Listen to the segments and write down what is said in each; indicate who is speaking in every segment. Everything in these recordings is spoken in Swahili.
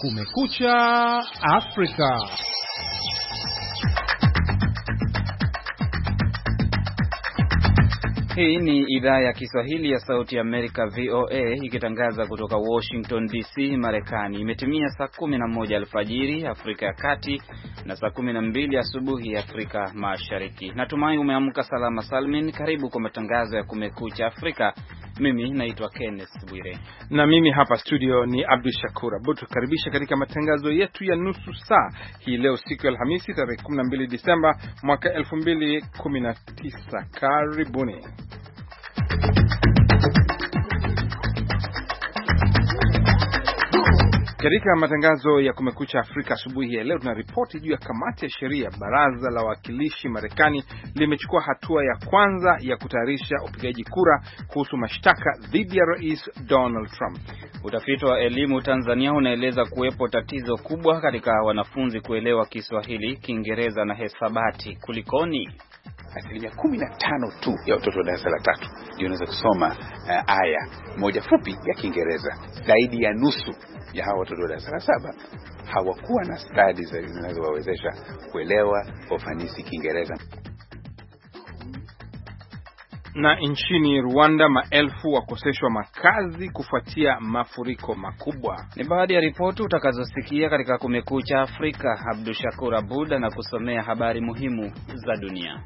Speaker 1: Kumekucha Afrika. Hii ni idhaa ya Kiswahili ya Sauti ya Amerika, VOA, ikitangaza kutoka Washington DC, Marekani. Imetimia saa 11 alfajiri Afrika ya Kati na saa 12 asubuhi Afrika Mashariki. Natumai umeamka salama salmin. Karibu kwa matangazo ya Kumekucha Afrika mimi naitwa Kenneth Bwire,
Speaker 2: na mimi hapa studio ni Abdu Shakur Abud. Tukaribisha katika matangazo yetu ya nusu saa hii leo, siku ya Alhamisi tarehe 12 Disemba mwaka 2019. Karibuni. Katika matangazo ya Kumekucha Afrika asubuhi ya leo, tunaripoti juu ya kamati ya sheria. Baraza la Wawakilishi Marekani limechukua hatua ya kwanza ya kutayarisha upigaji kura kuhusu
Speaker 1: mashtaka dhidi ya Rais Donald Trump. Utafiti wa elimu Tanzania unaeleza kuwepo tatizo kubwa katika wanafunzi kuelewa Kiswahili, Kiingereza na hesabati.
Speaker 3: Kulikoni? asilimia kumi na tano tu ya watoto wa darasa la tatu ndio wanaweza kusoma uh, aya moja fupi ya Kiingereza. Zaidi ya nusu ya hawa watoto wa darasa la saba hawakuwa na stadi zinazowawezesha kuelewa kwa ufanisi Kiingereza.
Speaker 2: Na nchini Rwanda maelfu
Speaker 1: wakoseshwa makazi kufuatia mafuriko makubwa. Ni baadhi ya ripoti utakazosikia katika Kumekucha Afrika. Abdushakur Abud anakusomea habari muhimu za dunia.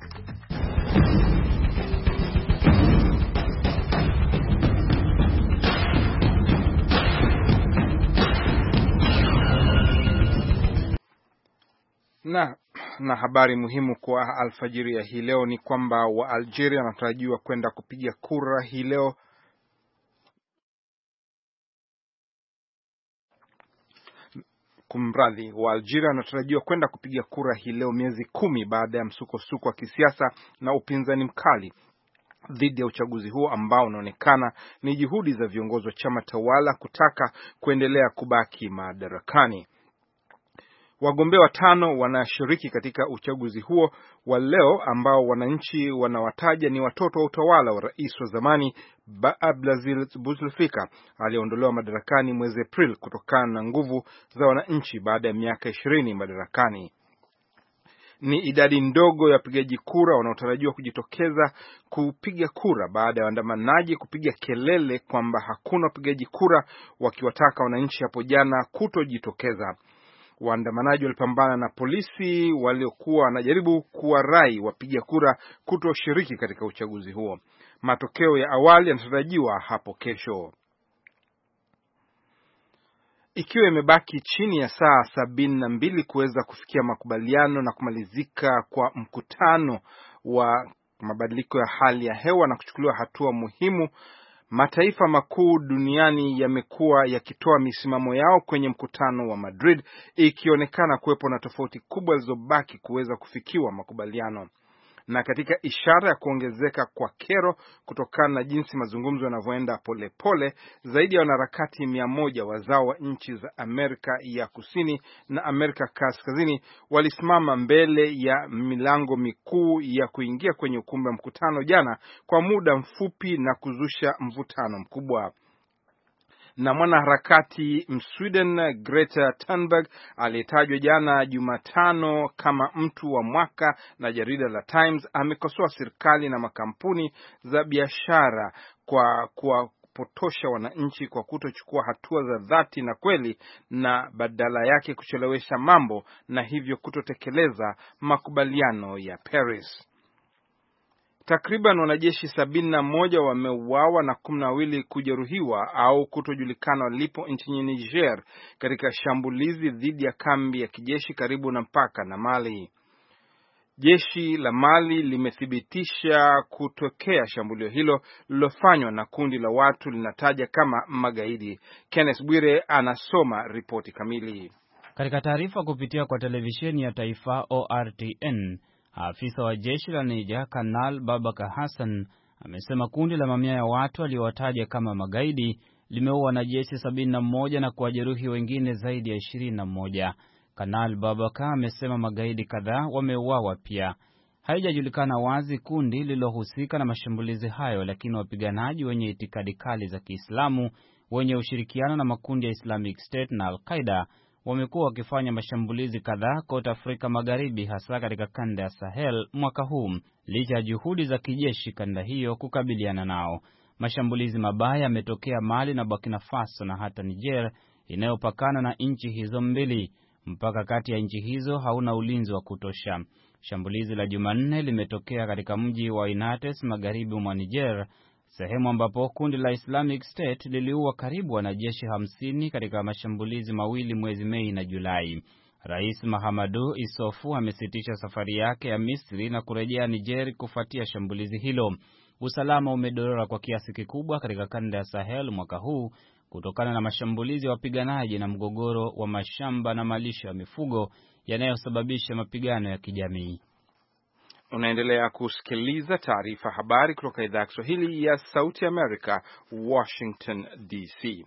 Speaker 2: Na, na habari muhimu kwa alfajiri ya hii leo ni kwamba Algeria wanatarajiwa kwenda kupiga kura hii leo Kumradhi, wa Algeria wanatarajiwa kwenda kupiga kura hii leo, miezi kumi baada ya msukosuko wa kisiasa na upinzani mkali dhidi ya uchaguzi huo ambao unaonekana ni juhudi za viongozi wa chama tawala kutaka kuendelea kubaki madarakani. Wagombea watano wanashiriki katika uchaguzi huo wa leo ambao wananchi wanawataja ni watoto wa utawala wa rais wa zamani Abdelaziz Bouteflika aliyeondolewa madarakani mwezi Aprili kutokana na nguvu za wananchi baada ya miaka ishirini madarakani. Ni idadi ndogo ya wapigaji kura wanaotarajiwa kujitokeza kupiga kura baada ya waandamanaji kupiga kelele kwamba hakuna wapigaji kura, wakiwataka wananchi hapo jana kutojitokeza waandamanaji walipambana na polisi waliokuwa wanajaribu kuwarai wapiga kura kutoshiriki katika uchaguzi huo. Matokeo ya awali yanatarajiwa hapo kesho. Ikiwa imebaki chini ya saa sabini na mbili kuweza kufikia makubaliano na kumalizika kwa mkutano wa mabadiliko ya hali ya hewa na kuchukuliwa hatua muhimu Mataifa makuu duniani yamekuwa yakitoa misimamo yao kwenye mkutano wa Madrid, ikionekana kuwepo na tofauti kubwa zilizobaki kuweza kufikiwa makubaliano na katika ishara ya kuongezeka kwa kero kutokana na jinsi mazungumzo yanavyoenda polepole, zaidi ya wanaharakati mia moja wazao wa nchi za Amerika ya Kusini na Amerika Kaskazini walisimama mbele ya milango mikuu ya kuingia kwenye ukumbi wa mkutano jana kwa muda mfupi na kuzusha mvutano mkubwa na mwanaharakati Msweden Greta Thunberg aliyetajwa jana Jumatano kama mtu wa mwaka na jarida la Times amekosoa serikali na makampuni za biashara kwa kwa potosha wananchi kwa kutochukua hatua za dhati na kweli na badala yake kuchelewesha mambo na hivyo kutotekeleza makubaliano ya Paris. Takriban wanajeshi sabini na moja wameuawa na kumi na wawili kujeruhiwa au kutojulikana walipo nchini Niger katika shambulizi dhidi ya kambi ya kijeshi karibu na mpaka na Mali. Jeshi la Mali limethibitisha kutokea shambulio hilo lililofanywa na kundi la watu linataja kama magaidi. Kenneth Bwire anasoma ripoti kamili.
Speaker 1: Katika taarifa kupitia kwa televisheni ya taifa ORTN Afisa wa jeshi la Niger Kanal Babakar Hassan amesema kundi la mamia ya watu aliowataja kama magaidi limeua wanajeshi 71 na kuwajeruhi wengine zaidi ya 21. Kanal Babakar amesema magaidi kadhaa wameuawa pia. Haijajulikana wazi kundi lililohusika na mashambulizi hayo, lakini wapiganaji wenye itikadi kali za Kiislamu wenye ushirikiano na makundi ya Islamic State na Al Qaida wamekuwa wakifanya mashambulizi kadhaa kote Afrika Magharibi, hasa katika kanda ya Sahel mwaka huu, licha ya juhudi za kijeshi kanda hiyo kukabiliana nao. Mashambulizi mabaya yametokea Mali na Burkina Faso na hata Niger inayopakana na nchi hizo mbili. Mpaka kati ya nchi hizo hauna ulinzi wa kutosha. Shambulizi la Jumanne limetokea katika mji wa Inates magharibi mwa Niger sehemu ambapo kundi la Islamic State liliua karibu wanajeshi 50 katika mashambulizi mawili mwezi Mei na Julai. Rais Mahamadu Isofu amesitisha safari yake ya Misri na kurejea Niger kufuatia shambulizi hilo. Usalama umedorora kwa kiasi kikubwa katika kanda ya Sahel mwaka huu kutokana na mashambulizi ya wapiganaji na mgogoro wa mashamba na malisho ya mifugo yanayosababisha mapigano ya kijamii.
Speaker 2: Unaendelea kusikiliza taarifa habari kutoka idhaa ya Kiswahili ya Sauti Amerika, Washington DC.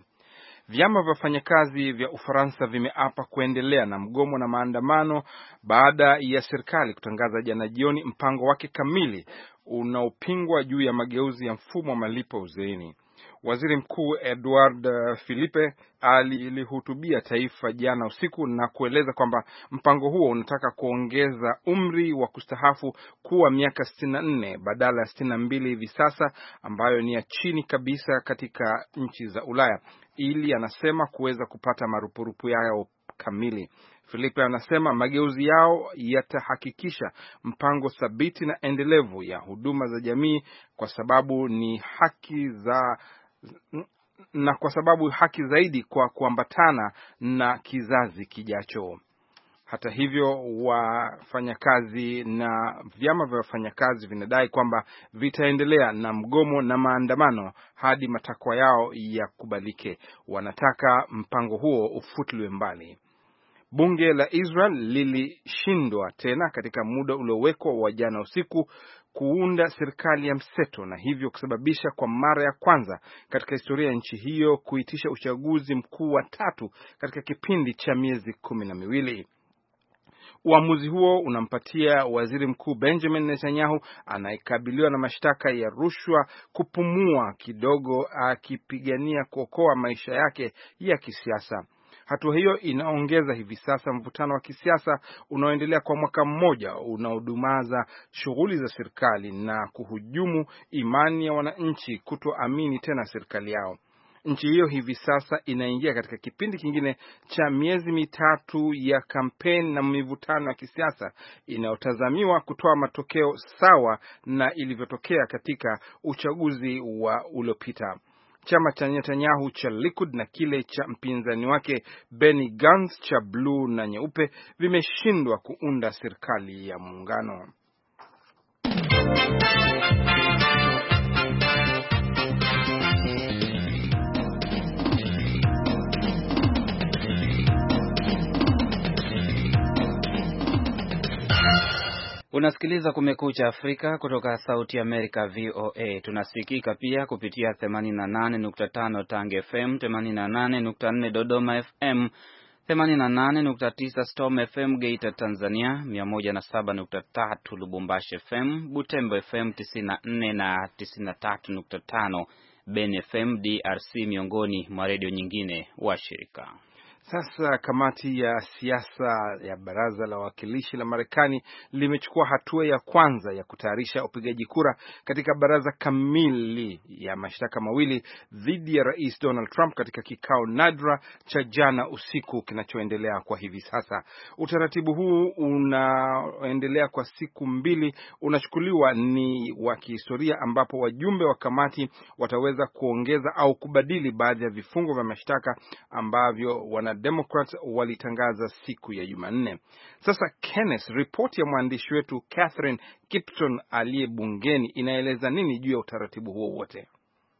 Speaker 2: Vyama vya wafanyakazi vya Ufaransa vimeapa kuendelea na mgomo na maandamano baada ya serikali kutangaza jana jioni mpango wake kamili unaopingwa juu ya mageuzi ya mfumo wa malipo uzeini Waziri Mkuu Edward eh, Philippe alilihutubia taifa jana usiku na kueleza kwamba mpango huo unataka kuongeza umri wa kustahafu kuwa miaka 64 badala ya 62 hivi sasa, ambayo ni ya chini kabisa katika nchi za Ulaya, ili anasema kuweza kupata marupurupu yao kamili. Filipe anasema mageuzi yao yatahakikisha mpango thabiti na endelevu ya huduma za jamii kwa sababu ni haki za na kwa sababu haki zaidi kwa kuambatana na kizazi kijacho. Hata hivyo, wafanyakazi na vyama vya wafanyakazi vinadai kwamba vitaendelea na mgomo na maandamano hadi matakwa yao yakubalike. Wanataka mpango huo ufutuliwe mbali. Bunge la Israel lilishindwa tena katika muda uliowekwa wa jana usiku kuunda serikali ya mseto na hivyo kusababisha kwa mara ya kwanza katika historia ya nchi hiyo kuitisha uchaguzi mkuu wa tatu katika kipindi cha miezi kumi na miwili. Uamuzi huo unampatia waziri mkuu Benjamin Netanyahu, anayekabiliwa na mashtaka ya rushwa, kupumua kidogo, akipigania kuokoa maisha yake ya kisiasa. Hatua hiyo inaongeza hivi sasa mvutano wa kisiasa unaoendelea kwa mwaka mmoja unaodumaza shughuli za serikali na kuhujumu imani ya wananchi kutoamini tena serikali yao. Nchi hiyo hivi sasa inaingia katika kipindi kingine cha miezi mitatu ya kampeni na mivutano ya kisiasa inayotazamiwa kutoa matokeo sawa na ilivyotokea katika uchaguzi wa uliopita chama cha Netanyahu cha Likud na kile cha mpinzani wake Benny Gantz cha bluu na nyeupe vimeshindwa kuunda serikali ya muungano.
Speaker 1: Unasikiliza Kumekucha Afrika kutoka Sauti ya Amerika, VOA. Tunasikika pia kupitia 88.5 Tange FM, 88.4 Dodoma FM, 88.9 Storm FM Geita Tanzania, 107.3 Lubumbashi FM, Butembo FM 94 na 93.5 Ben FM DRC, miongoni mwa redio nyingine washirika
Speaker 2: sasa kamati ya siasa ya baraza la wawakilishi la Marekani limechukua hatua ya kwanza ya kutayarisha upigaji kura katika baraza kamili ya mashtaka mawili dhidi ya rais Donald Trump katika kikao nadra cha jana usiku kinachoendelea kwa hivi sasa. Utaratibu huu unaoendelea kwa siku mbili, unachukuliwa ni wa kihistoria, ambapo wajumbe wa kamati wataweza kuongeza au kubadili baadhi ya vifungo vya mashtaka ambavyo wana Democrats walitangaza siku ya Jumanne. Sasa Kenneth, ripoti ya mwandishi wetu Catherine Kipton aliye bungeni inaeleza nini juu ya utaratibu huo wote?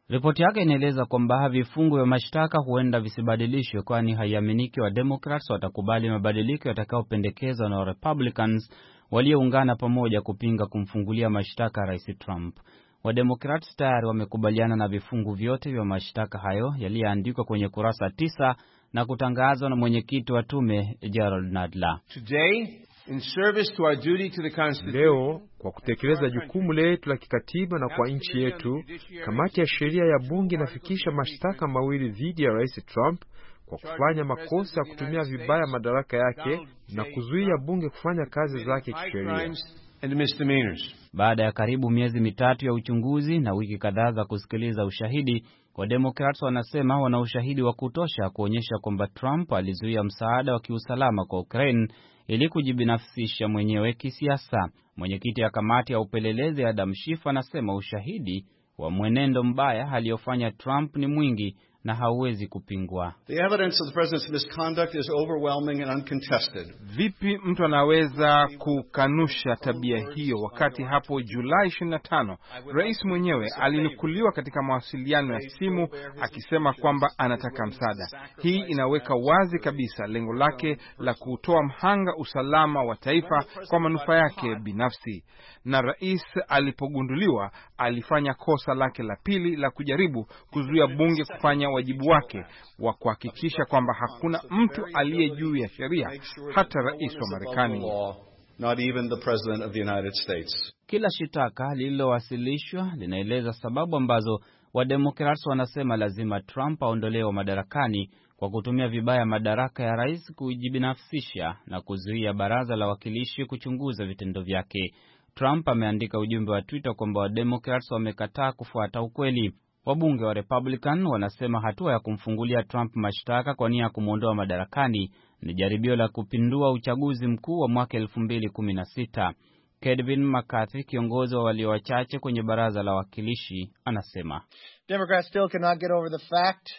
Speaker 1: Ripoti yake inaeleza kwamba vifungu vya mashtaka huenda visibadilishwe, kwani haiaminiki wa Democrats watakubali mabadiliko yatakayopendekezwa na Republicans walioungana pamoja kupinga kumfungulia mashtaka Rais Trump. Wademokrats tayari wamekubaliana na vifungu vyote vya mashtaka hayo yaliyoandikwa kwenye kurasa tisa na kutangazwa na mwenyekiti wa tume Gerald Nadler.
Speaker 2: Today, in service to our duty to the Constitution. Leo kwa kutekeleza jukumu letu la kikatiba na kwa nchi yetu, kamati ya sheria ya bunge inafikisha mashtaka mawili dhidi ya Rais Trump kwa kufanya makosa ya kutumia vibaya madaraka yake na kuzuia bunge kufanya kazi zake kisheria.
Speaker 1: Baada ya karibu miezi mitatu ya uchunguzi na wiki kadhaa za kusikiliza ushahidi, Wademokrats wanasema wana ushahidi wa kutosha kuonyesha kwamba Trump alizuia msaada wa kiusalama kwa Ukraine ili kujibinafsisha mwenyewe kisiasa. Mwenyekiti ya kamati ya upelelezi Adam Schiff anasema ushahidi wa mwenendo mbaya aliyofanya Trump ni mwingi na hauwezi kupingwa.
Speaker 4: The evidence of the president's misconduct is overwhelming and uncontested.
Speaker 1: Vipi mtu anaweza kukanusha tabia hiyo wakati
Speaker 2: hapo Julai 25 rais mwenyewe alinukuliwa katika mawasiliano ya simu akisema kwamba anataka msaada? Hii inaweka wazi kabisa lengo lake la kutoa mhanga usalama wa taifa kwa manufaa yake binafsi na rais alipogunduliwa alifanya kosa lake la pili la kujaribu kuzuia bunge kufanya wajibu wake wa kuhakikisha kwamba hakuna mtu aliye juu ya
Speaker 4: sheria, hata rais wa Marekani.
Speaker 1: Kila shitaka lililowasilishwa linaeleza sababu ambazo wademokrats wanasema lazima Trump aondolewe madarakani kwa kutumia vibaya madaraka ya rais kujibinafsisha na kuzuia baraza la wawakilishi kuchunguza vitendo vyake. Trump ameandika ujumbe wa Twitter kwamba Wademokrats wamekataa kufuata ukweli. Wabunge wa Republican wanasema hatua ya kumfungulia Trump mashtaka kwa nia ya kumwondoa madarakani ni jaribio la kupindua uchaguzi mkuu wa mwaka sita. Kevin McCarthy, kiongozi wa walio wachache kwenye baraza la wawakilishi, anasema
Speaker 4: Democrats still cannot get over the fact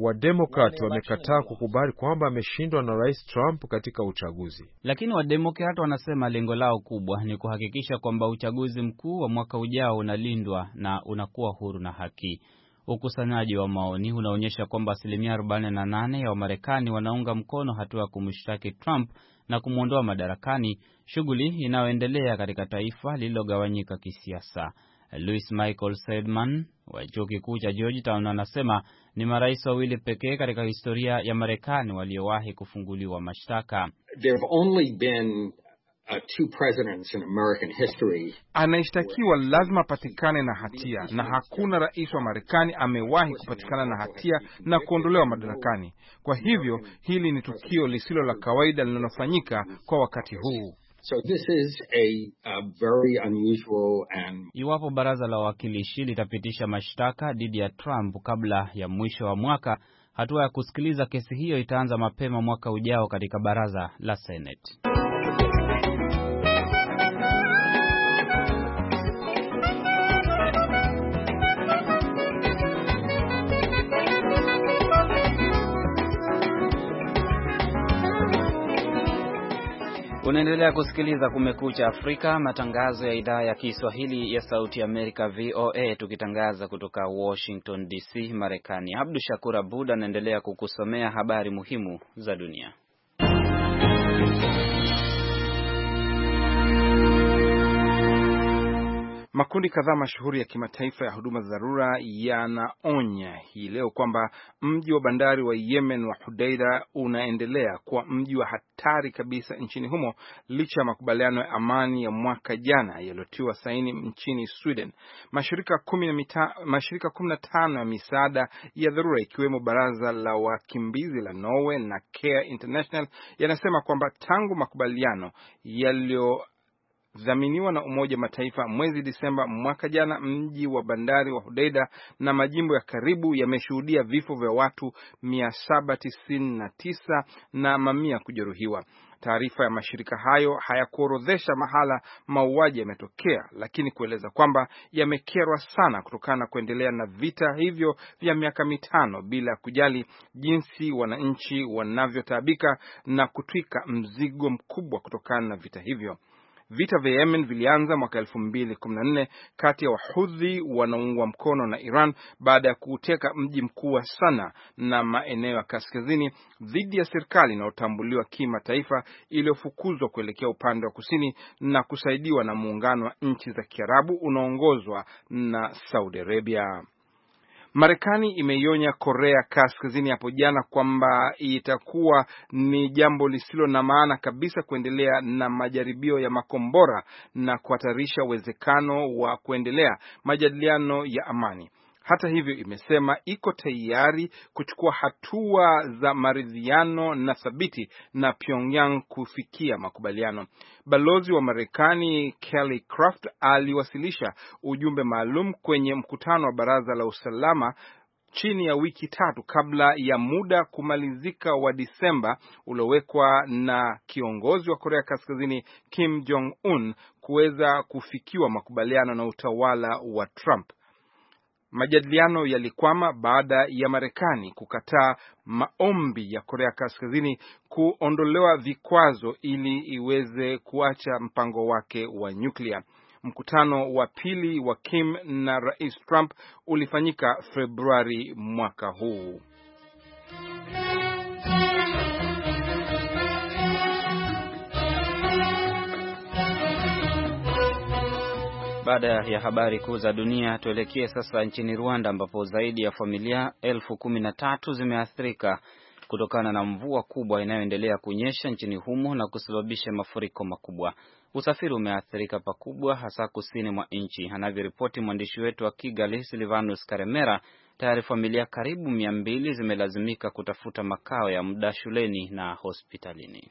Speaker 2: Wademokrat wamekataa kukubali kwamba ameshindwa na Rais Trump katika uchaguzi.
Speaker 1: Lakini Wademokrat wanasema lengo lao kubwa ni kuhakikisha kwamba uchaguzi mkuu wa mwaka ujao unalindwa na unakuwa huru na haki. Ukusanyaji wa maoni unaonyesha kwamba asilimia 48 ya Wamarekani wanaunga mkono hatua ya kumshtaki Trump na kumwondoa madarakani, shughuli inayoendelea katika taifa lililogawanyika kisiasa. Louis Michael Sedman wa chuo kikuu cha Georgetown anasema ni marais wawili pekee katika historia ya Marekani waliowahi kufunguliwa mashtaka. Uh,
Speaker 2: Anayeshtakiwa lazima apatikane na hatia, na hakuna rais wa Marekani amewahi kupatikana na hatia na kuondolewa madarakani. Kwa hivyo hili ni tukio
Speaker 1: lisilo la kawaida linalofanyika kwa wakati huu. So
Speaker 2: this is a, a very unusual and...
Speaker 1: Iwapo baraza la wawakilishi litapitisha mashtaka dhidi ya Trump kabla ya mwisho wa mwaka, hatua ya kusikiliza kesi hiyo itaanza mapema mwaka ujao katika baraza la Senate. Unaendelea kusikiliza Kumekucha Afrika, matangazo ya idhaa ya Kiswahili ya Sauti ya Amerika, VOA, tukitangaza kutoka Washington DC, Marekani. Abdu Shakur Abud anaendelea kukusomea habari muhimu za dunia.
Speaker 2: Makundi kadhaa mashuhuri ya kimataifa ya huduma za dharura yanaonya hii leo kwamba mji wa bandari wa Yemen wa Hudeida unaendelea kuwa mji wa hatari kabisa nchini humo licha ya makubaliano ya amani ya mwaka jana yaliyotiwa saini nchini Sweden. Mashirika kumi na tano ya misaada ya dharura ikiwemo baraza la wakimbizi la Norway na Care International yanasema kwamba tangu makubaliano yaliyo kudhaminiwa na Umoja wa Mataifa mwezi Disemba mwaka jana, mji wa bandari wa Hodeida na majimbo ya karibu yameshuhudia vifo vya watu 799 na mamia kujeruhiwa. Taarifa ya mashirika hayo hayakuorodhesha mahala mauaji yametokea, lakini kueleza kwamba yamekerwa sana kutokana na kuendelea na vita hivyo vya miaka mitano bila ya kujali jinsi wananchi wanavyotaabika na kutwika mzigo mkubwa kutokana na vita hivyo. Vita vya Yemen vilianza mwaka elfu mbili kumi nne kati ya Wahudhi wanaungwa mkono na Iran baada ya kuuteka mji mkuu wa Sana na maeneo ya kaskazini dhidi ya serikali inayotambuliwa kimataifa iliyofukuzwa kuelekea upande wa kusini na kusaidiwa na muungano wa nchi za Kiarabu unaoongozwa na Saudi Arabia. Marekani imeionya Korea Kaskazini hapo jana kwamba itakuwa ni jambo lisilo na maana kabisa kuendelea na majaribio ya makombora na kuhatarisha uwezekano wa kuendelea majadiliano ya amani. Hata hivyo, imesema iko tayari kuchukua hatua za maridhiano na thabiti na Pyongyang kufikia makubaliano. Balozi wa Marekani Kelly Craft aliwasilisha ujumbe maalum kwenye mkutano wa Baraza la Usalama chini ya wiki tatu kabla ya muda kumalizika wa Disemba uliowekwa na kiongozi wa Korea Kaskazini Kim Jong Un kuweza kufikiwa makubaliano na utawala wa Trump. Majadiliano yalikwama baada ya Marekani kukataa maombi ya Korea Kaskazini kuondolewa vikwazo ili iweze kuacha mpango wake wa nyuklia. Mkutano wa pili wa Kim na Rais Trump ulifanyika Februari mwaka huu.
Speaker 1: Baada ya habari kuu za dunia, tuelekee sasa nchini Rwanda ambapo zaidi ya familia elfu kumi na tatu zimeathirika kutokana na mvua kubwa inayoendelea kunyesha nchini humo na kusababisha mafuriko makubwa. Usafiri umeathirika pakubwa, hasa kusini mwa nchi, anavyoripoti mwandishi wetu wa Kigali Silvanus Karemera. Tayari familia karibu mia mbili zimelazimika kutafuta makao ya muda shuleni na hospitalini.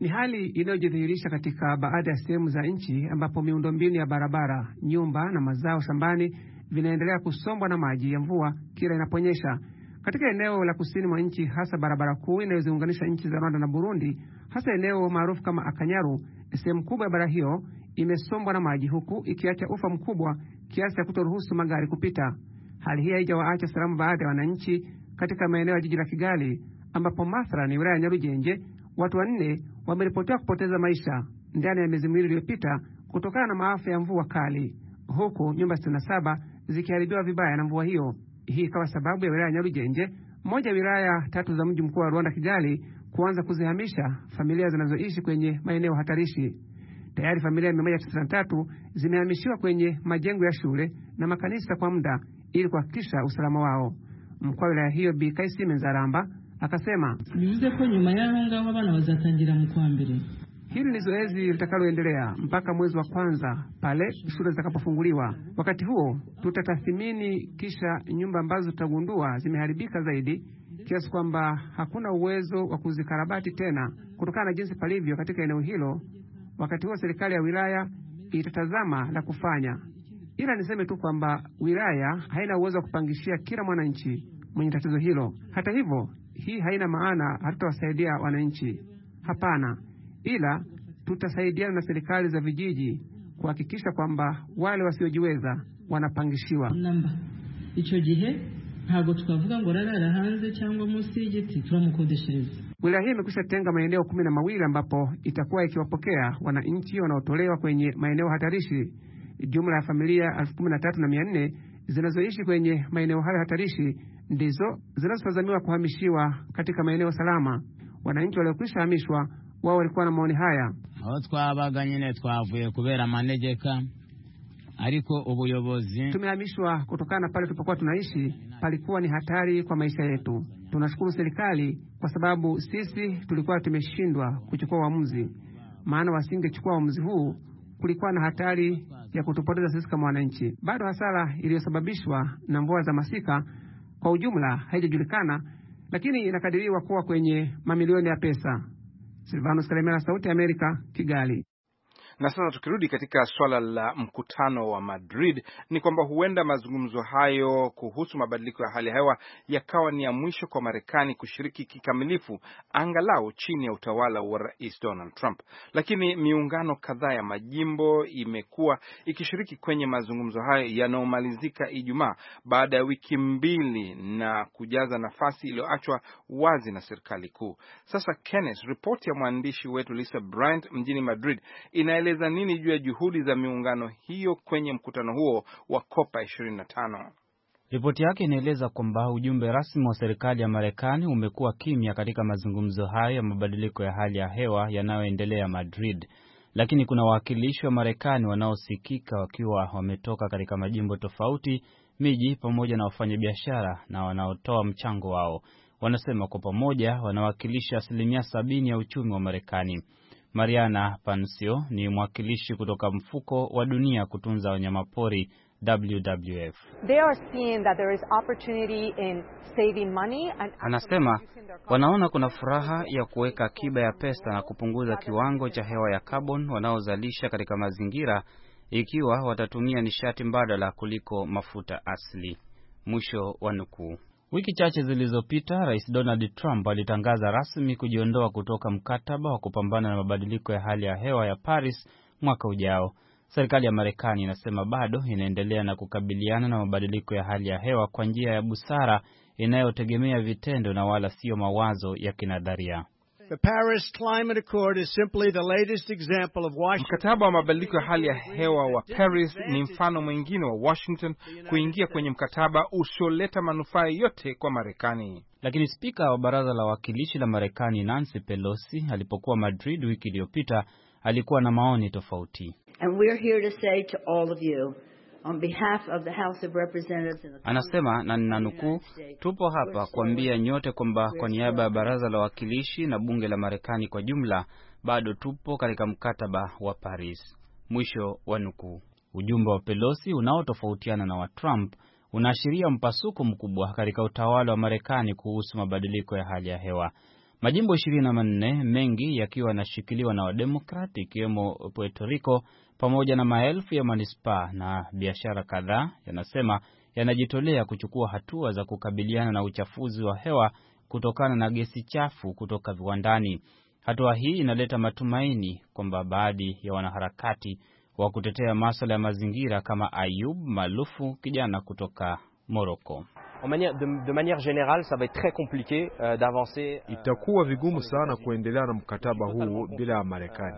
Speaker 5: Ni hali inayojidhihirisha katika baadhi ya sehemu za nchi ambapo miundombinu ya barabara, nyumba na mazao shambani vinaendelea kusombwa na maji ya mvua kila inaponyesha. Katika eneo la kusini mwa nchi, hasa barabara kuu inayoziunganisha nchi za Rwanda na Burundi, hasa eneo maarufu kama Akanyaru, sehemu kubwa ya bara hiyo imesombwa na maji, huku ikiacha ufa mkubwa kiasi ya kutoruhusu magari kupita. Hali hii haijawaacha salamu baadhi ya wananchi katika maeneo ya jiji la Kigali, ambapo mathalani wilaya ya Nyarugenge watu wanne wameripotiwa kupoteza maisha ndani ya miezi miwili iliyopita kutokana na maafa ya mvua kali, huku nyumba 67 zikiharibiwa vibaya na mvua hiyo. Hii ikawa sababu ya wilaya ya Nyarugenge, moja ya wilaya tatu za mji mkuu wa Rwanda, Kigali, kuanza kuzihamisha familia zinazoishi kwenye maeneo hatarishi. Tayari familia 193 zimehamishiwa kwenye majengo ya shule na makanisa kwa muda ili kuhakikisha usalama wao. Mkuu wa wilaya hiyo Bi kaisi menzaramba Akasema
Speaker 4: bivuze ko nyuma y'aho
Speaker 5: ngaho abana bazatangira mu kwa mbere. Hili ni zoezi litakaloendelea mpaka mwezi wa kwanza pale shule zitakapofunguliwa. Wakati huo tutatathimini, kisha nyumba ambazo tutagundua zimeharibika zaidi kiasi kwamba hakuna uwezo wa kuzikarabati tena kutokana na jinsi palivyo katika eneo hilo, wakati huo serikali ya wilaya itatazama la kufanya. Ila niseme tu kwamba wilaya haina uwezo wa kupangishia kila mwananchi mwenye tatizo hilo. Hata hivyo hii haina maana hatutawasaidia wananchi, hapana, ila tutasaidiana na serikali za vijiji kuhakikisha kwamba wale wasiojiweza wanapangishiwa icho gihe ntago tukavuga ngo rarara hanze cyangwa munsi y'igiti turamukodeshereza. Wilaya hii imekwisha tenga maeneo kumi na mawili ambapo itakuwa ikiwapokea wananchi wanaotolewa kwenye maeneo hatarishi. Jumla ya familia elfu kumi na tatu na mia nne zinazoishi kwenye maeneo hayo hatarishi ndizo zinazotazamiwa kuhamishiwa katika maeneo salama. Wananchi waliokwisha hamishwa wao walikuwa na maoni haya. aho twabaga nyine twavuye kubera manegeka ariko ubuyobozi, tumehamishwa kutokana na pale tulipokuwa tunaishi, palikuwa ni hatari kwa maisha yetu. Tunashukuru serikali kwa sababu sisi tulikuwa tumeshindwa kuchukua uamuzi, maana wasingechukua uamuzi huu, kulikuwa na hatari ya kutupoteza sisi kama wananchi. Bado hasara iliyosababishwa na mvua za masika kwa ujumla haijajulikana, lakini inakadiriwa kuwa kwenye mamilioni ya pesa. Silvanus Kalemera, Sauti ya Amerika, Kigali.
Speaker 2: Na sasa tukirudi katika swala la mkutano wa Madrid, ni kwamba huenda mazungumzo hayo kuhusu mabadiliko ya hali ya hewa yakawa ni ya mwisho kwa Marekani kushiriki kikamilifu, angalau chini ya utawala wa Rais Donald Trump. Lakini miungano kadhaa ya majimbo imekuwa ikishiriki kwenye mazungumzo hayo yanayomalizika Ijumaa baada ya wiki mbili na kujaza nafasi iliyoachwa wazi na serikali kuu. Sasa Kenneth, ripoti ya mwandishi wetu Lisa Bryant mjini Madrid inaeleza ameeleza nini juu ya juhudi za miungano hiyo kwenye mkutano huo wa Kopa 25.
Speaker 1: Ripoti yake inaeleza kwamba ujumbe rasmi wa serikali ya Marekani umekuwa kimya katika mazungumzo hayo ya mabadiliko ya hali ya hewa yanayoendelea Madrid, lakini kuna wawakilishi wa Marekani wanaosikika wakiwa wametoka katika majimbo tofauti, miji, pamoja na wafanyabiashara na wanaotoa mchango wao. Wanasema kwa pamoja wanawakilisha asilimia sabini ya uchumi wa Marekani. Mariana Pansio ni mwakilishi kutoka mfuko wa dunia kutunza wanyamapori WWF.
Speaker 4: They are seeing that there is opportunity in saving money and...
Speaker 1: Anasema wanaona kuna furaha ya kuweka akiba ya pesa na kupunguza kiwango cha hewa ya carbon wanaozalisha katika mazingira ikiwa watatumia nishati mbadala kuliko mafuta asili. Mwisho wa nukuu. Wiki chache zilizopita Rais Donald Trump alitangaza rasmi kujiondoa kutoka mkataba wa kupambana na mabadiliko ya hali ya hewa ya Paris mwaka ujao. Serikali ya Marekani inasema bado inaendelea na kukabiliana na mabadiliko ya hali ya hewa kwa njia ya busara inayotegemea vitendo na wala siyo mawazo ya kinadharia.
Speaker 2: Mkataba wa mabadiliko ya hali ya hewa wa Paris ni mfano mwingine wa Washington kuingia kwenye mkataba usioleta
Speaker 1: manufaa yote kwa Marekani. Lakini spika wa baraza la wawakilishi la Marekani Nancy Pelosi alipokuwa Madrid wiki iliyopita alikuwa na maoni tofauti. And we're here to
Speaker 4: say to all of you,
Speaker 1: anasema, na ninanukuu, tupo hapa kuambia nyote kwamba kwa niaba ya baraza la wawakilishi na bunge la Marekani kwa jumla bado tupo katika mkataba wa Paris, mwisho wa nukuu. Ujumbe wa Pelosi unaotofautiana na wa Trump unaashiria mpasuko mkubwa katika utawala wa Marekani kuhusu mabadiliko ya hali ya hewa. Majimbo 24 mengi yakiwa yanashikiliwa na Wademokrati ikiwemo Puerto Rico pamoja na maelfu ya manispaa na biashara kadhaa yanasema yanajitolea kuchukua hatua za kukabiliana na uchafuzi wa hewa kutokana na gesi chafu kutoka viwandani. Hatua hii inaleta matumaini kwamba baadhi ya wanaharakati wa kutetea maswala ya mazingira kama Ayub Malufu, kijana kutoka Moroko, de, de manière générale ça va être très compliqué euh, d'avancer
Speaker 2: euh, itakuwa vigumu sana kuendelea na mkataba huu bila ya euh, Marekani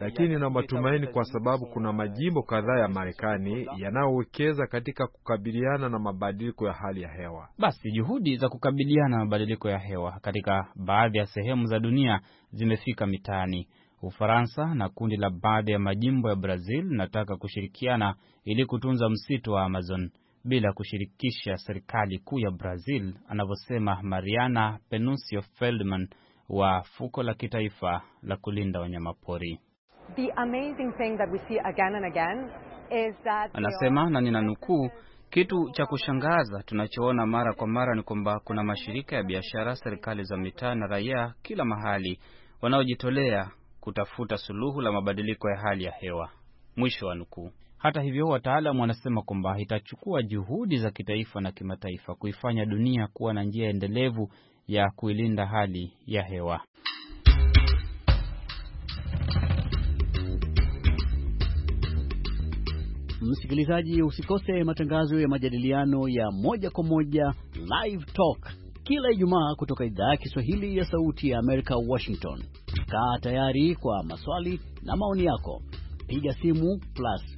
Speaker 2: lakini na matumaini kwa sababu kuna majimbo kadhaa ya Marekani yanayowekeza katika kukabiliana na mabadiliko ya hali ya hewa.
Speaker 1: Basi juhudi za kukabiliana na mabadiliko ya hewa katika baadhi ya sehemu za dunia zimefika mitaani. Ufaransa na kundi la baadhi ya majimbo ya Brazil linataka kushirikiana ili kutunza msitu wa Amazon bila kushirikisha serikali kuu ya Brazil, anavyosema Mariana Penuncio Feldman wa fuko la kitaifa la kulinda wanyamapori. Anasema na nina nukuu, kitu cha kushangaza tunachoona mara kwa mara ni kwamba kuna mashirika ya biashara, serikali za mitaa na raia kila mahali wanaojitolea kutafuta suluhu la mabadiliko ya hali ya hewa. Mwisho wa nukuu. Hata hivyo, wataalamu wanasema kwamba itachukua juhudi za kitaifa na kimataifa kuifanya dunia kuwa na njia endelevu ya kuilinda hali ya hewa. Msikilizaji, usikose matangazo ya majadiliano ya moja kwa moja Live Talk kila Ijumaa kutoka idhaa ya Kiswahili ya Sauti ya Amerika, Washington. Kaa tayari kwa maswali na maoni yako, piga simu plus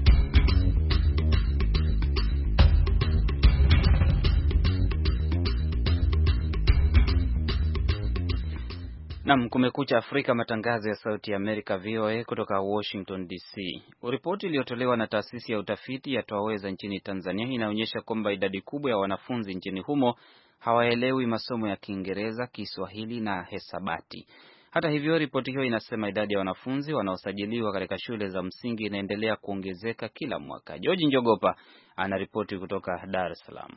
Speaker 1: Nam kumekucha Afrika, matangazo ya sauti ya Amerika, VOA kutoka Washington DC. Ripoti iliyotolewa na taasisi ya utafiti ya Twaweza nchini Tanzania inaonyesha kwamba idadi kubwa ya wanafunzi nchini humo hawaelewi masomo ya Kiingereza, Kiswahili na hesabati. Hata hivyo, ripoti hiyo inasema idadi ya wanafunzi wanaosajiliwa katika shule za msingi inaendelea kuongezeka kila mwaka. George Njogopa anaripoti kutoka Dar es Salaam.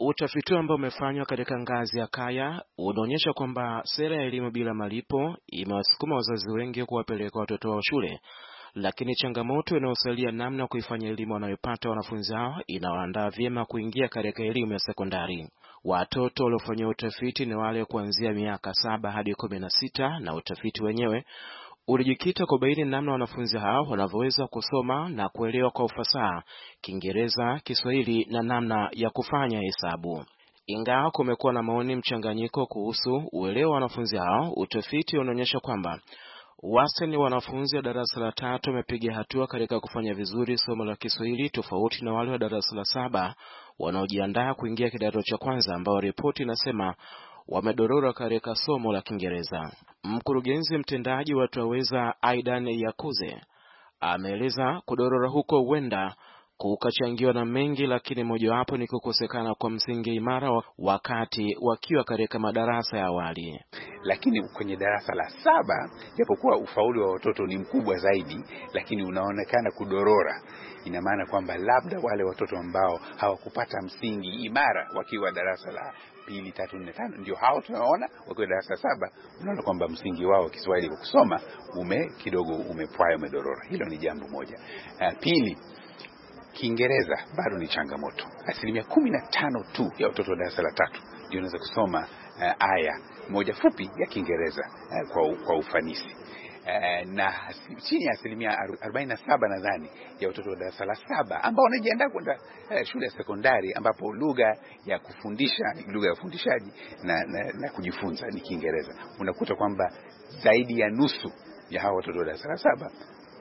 Speaker 6: Utafiti ambao umefanywa katika ngazi ya kaya unaonyesha kwamba sera ya elimu bila malipo imewasukuma wazazi wengi kuwapeleka watoto wao shule, lakini changamoto inayosalia namna ya kuifanya elimu wanayopata wanafunzi hao inawaandaa vyema kuingia katika elimu ya sekondari. Watoto waliofanyiwa utafiti ni wale kuanzia miaka saba hadi kumi na sita na utafiti wenyewe ulijikita kubaini namna wanafunzi hao wanavyoweza kusoma na kuelewa kwa ufasaha Kiingereza, Kiswahili na namna ya kufanya hesabu. Ingawa kumekuwa na maoni mchanganyiko kuhusu uelewa wa wanafunzi hao, utafiti unaonyesha kwamba wastani wanafunzi wa darasa la tatu wamepiga hatua katika kufanya vizuri somo la Kiswahili tofauti na wale wa darasa la saba wanaojiandaa kuingia kidato cha kwanza, ambao ripoti inasema wamedorora katika somo la Kiingereza. Mkurugenzi mtendaji wa Twaweza Aidan Yakuze ameeleza kudorora huko huenda kukachangiwa na mengi, lakini mojawapo ni kukosekana kwa msingi imara wakati wakiwa katika madarasa ya awali.
Speaker 3: Lakini kwenye darasa la saba, japokuwa ufaulu wa watoto ni mkubwa zaidi, lakini unaonekana kudorora. Ina maana kwamba labda wale watoto ambao hawakupata msingi imara wakiwa darasa la pili, tatu, nne, tano, ndio hao tunaona wakiwa darasa saba, unaona kwamba msingi wao wa Kiswahili wa kusoma ume kidogo umepwaya, umedorora. Hilo ni jambo moja. Uh, pili Kiingereza bado ni changamoto. Asilimia kumi na tano tu ya watoto wa darasa la tatu ndio unaweza kusoma uh, aya moja fupi ya Kiingereza uh, kwa, kwa ufanisi. Eh, na chini ya asilimia 47 nadhani ya watoto wa darasa la saba ambao wanajiandaa kwenda eh, shule ya sekondari ambapo lugha ya kufundisha lugha ya ufundishaji na, na, na kujifunza ni Kiingereza. Unakuta kwamba zaidi ya nusu ya hawa watoto wa darasa la saba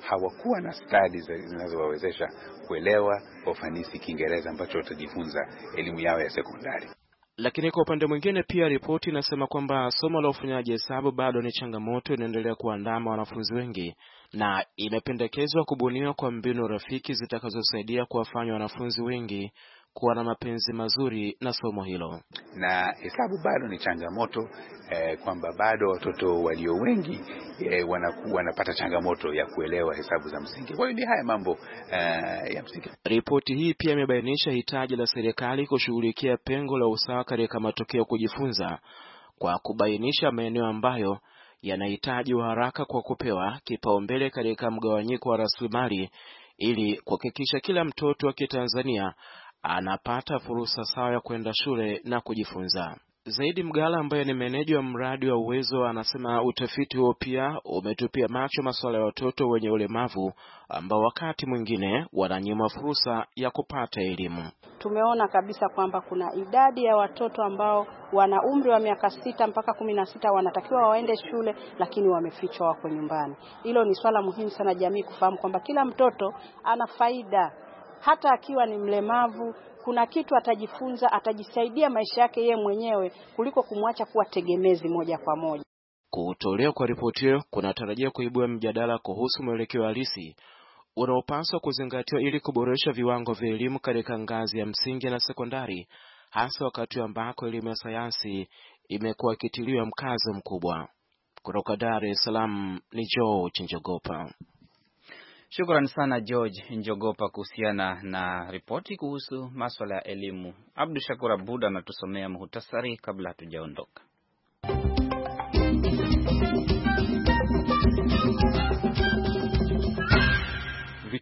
Speaker 3: hawakuwa na stadi zinazowawezesha kuelewa kwa ufanisi Kiingereza ambacho watajifunza elimu yao ya
Speaker 5: sekondari.
Speaker 6: Lakini kwa upande mwingine pia ripoti inasema kwamba somo la ufanyaji hesabu bado ni changamoto inaendelea kuandama wanafunzi wengi, na imependekezwa kubuniwa kwa mbinu rafiki zitakazosaidia kuwafanya wanafunzi wengi kuwa na mapenzi mazuri na somo
Speaker 3: hilo. Na hesabu bado ni changamoto eh, kwamba bado watoto walio wengi eh, wanaku, wanapata changamoto ya kuelewa hesabu za msingi. Kwa hiyo ni haya mambo
Speaker 6: eh, ya msingi. Ripoti hii pia imebainisha hitaji la serikali kushughulikia pengo la usawa katika matokeo kujifunza kwa kubainisha maeneo ambayo yanahitaji haraka kwa kupewa kipaumbele katika mgawanyiko wa rasilimali ili kuhakikisha kila mtoto wa Kitanzania anapata fursa sawa ya kwenda shule na kujifunza. Zaidi Mgala ambaye ni meneja wa mradi wa Uwezo anasema utafiti huo pia umetupia macho masuala ya watoto wenye ulemavu ambao wakati mwingine wananyimwa fursa ya kupata elimu.
Speaker 4: Tumeona kabisa kwamba kuna idadi ya watoto ambao wana umri wa miaka sita mpaka kumi na sita wanatakiwa waende shule, lakini wamefichwa, wako nyumbani. Hilo ni swala muhimu sana jamii kufahamu kwamba kila mtoto ana faida hata akiwa ni mlemavu, kuna kitu atajifunza, atajisaidia maisha yake yeye mwenyewe kuliko kumwacha kuwa tegemezi moja kwa moja.
Speaker 6: Kutolewa kwa ripoti hiyo kunatarajia kuibua mjadala kuhusu mwelekeo halisi unaopaswa kuzingatiwa ili kuboresha viwango vya elimu katika ngazi ya msingi na sekondari, hasa wakati ambako elimu ya sayansi imekuwa ikitiliwa mkazo mkubwa.
Speaker 1: Kutoka Dar es Salaam ni George Njogopa shukran sana George Njogopa kuhusiana na ripoti kuhusu maswala ya elimu. Abdu Shakur Abud anatusomea muhtasari kabla hatujaondoka.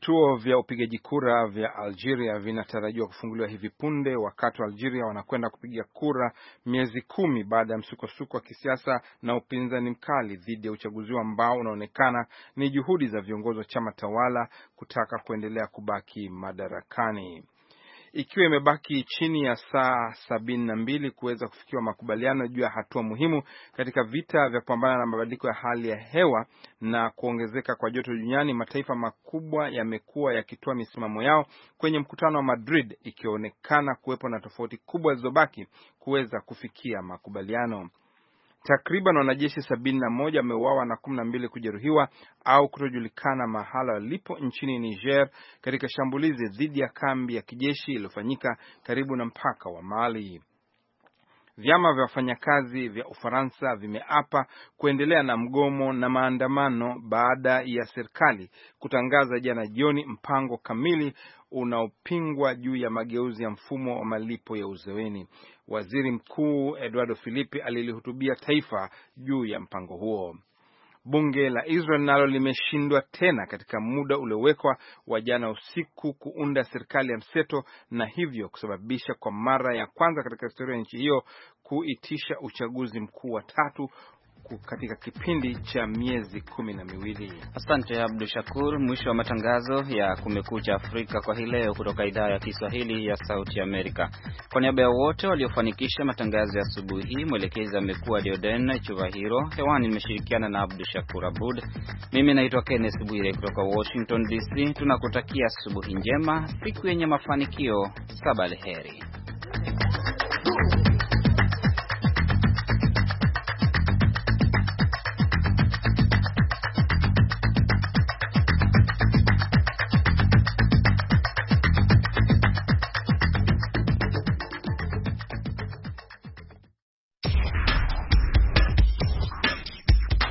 Speaker 1: Vituo
Speaker 2: vya upigaji kura vya Algeria vinatarajiwa kufunguliwa hivi punde, wakati wa Algeria wanakwenda kupiga kura miezi kumi baada ya msukosuko wa kisiasa na upinzani mkali dhidi ya uchaguzi ambao unaonekana ni juhudi za viongozi wa chama tawala kutaka kuendelea kubaki madarakani ikiwa imebaki chini ya saa sabini na mbili kuweza kufikiwa makubaliano juu ya hatua muhimu katika vita vya kupambana na mabadiliko ya hali ya hewa na kuongezeka kwa joto duniani, mataifa makubwa yamekuwa yakitoa misimamo yao kwenye mkutano wa Madrid, ikionekana kuwepo na tofauti kubwa zilizobaki kuweza kufikia makubaliano. Takriban wanajeshi sabini na moja wameuawa na kumi na mbili kujeruhiwa au kutojulikana mahala walipo nchini Niger katika shambulizi dhidi ya kambi ya kijeshi iliyofanyika karibu na mpaka wa Mali. Vyama vya wafanyakazi vya Ufaransa vimeapa kuendelea na mgomo na maandamano baada ya serikali kutangaza jana jioni mpango kamili unaopingwa juu ya mageuzi ya mfumo wa malipo ya uzeweni Waziri Mkuu Eduardo Filipi alilihutubia taifa juu ya mpango huo. Bunge la Israel nalo limeshindwa tena katika muda uliowekwa wa jana usiku kuunda serikali ya mseto na hivyo kusababisha kwa mara ya kwanza katika historia ya nchi hiyo kuitisha uchaguzi mkuu wa tatu katika kipindi
Speaker 1: cha miezi kumi na miwili. Asante Abdu Shakur. Mwisho wa matangazo ya Kumekucha Afrika kwa hii leo kutoka idhaa ya Kiswahili ya Sauti Amerika. Kwa niaba ya wote waliofanikisha matangazo ya asubuhi hii, mwelekezi amekuwa Dioden Chuvahiro. Hewani nimeshirikiana na Abdu Shakur Abud. Mimi naitwa kennes Bwire kutoka Washington DC. Tunakutakia asubuhi njema, siku yenye mafanikio. Sabalheri.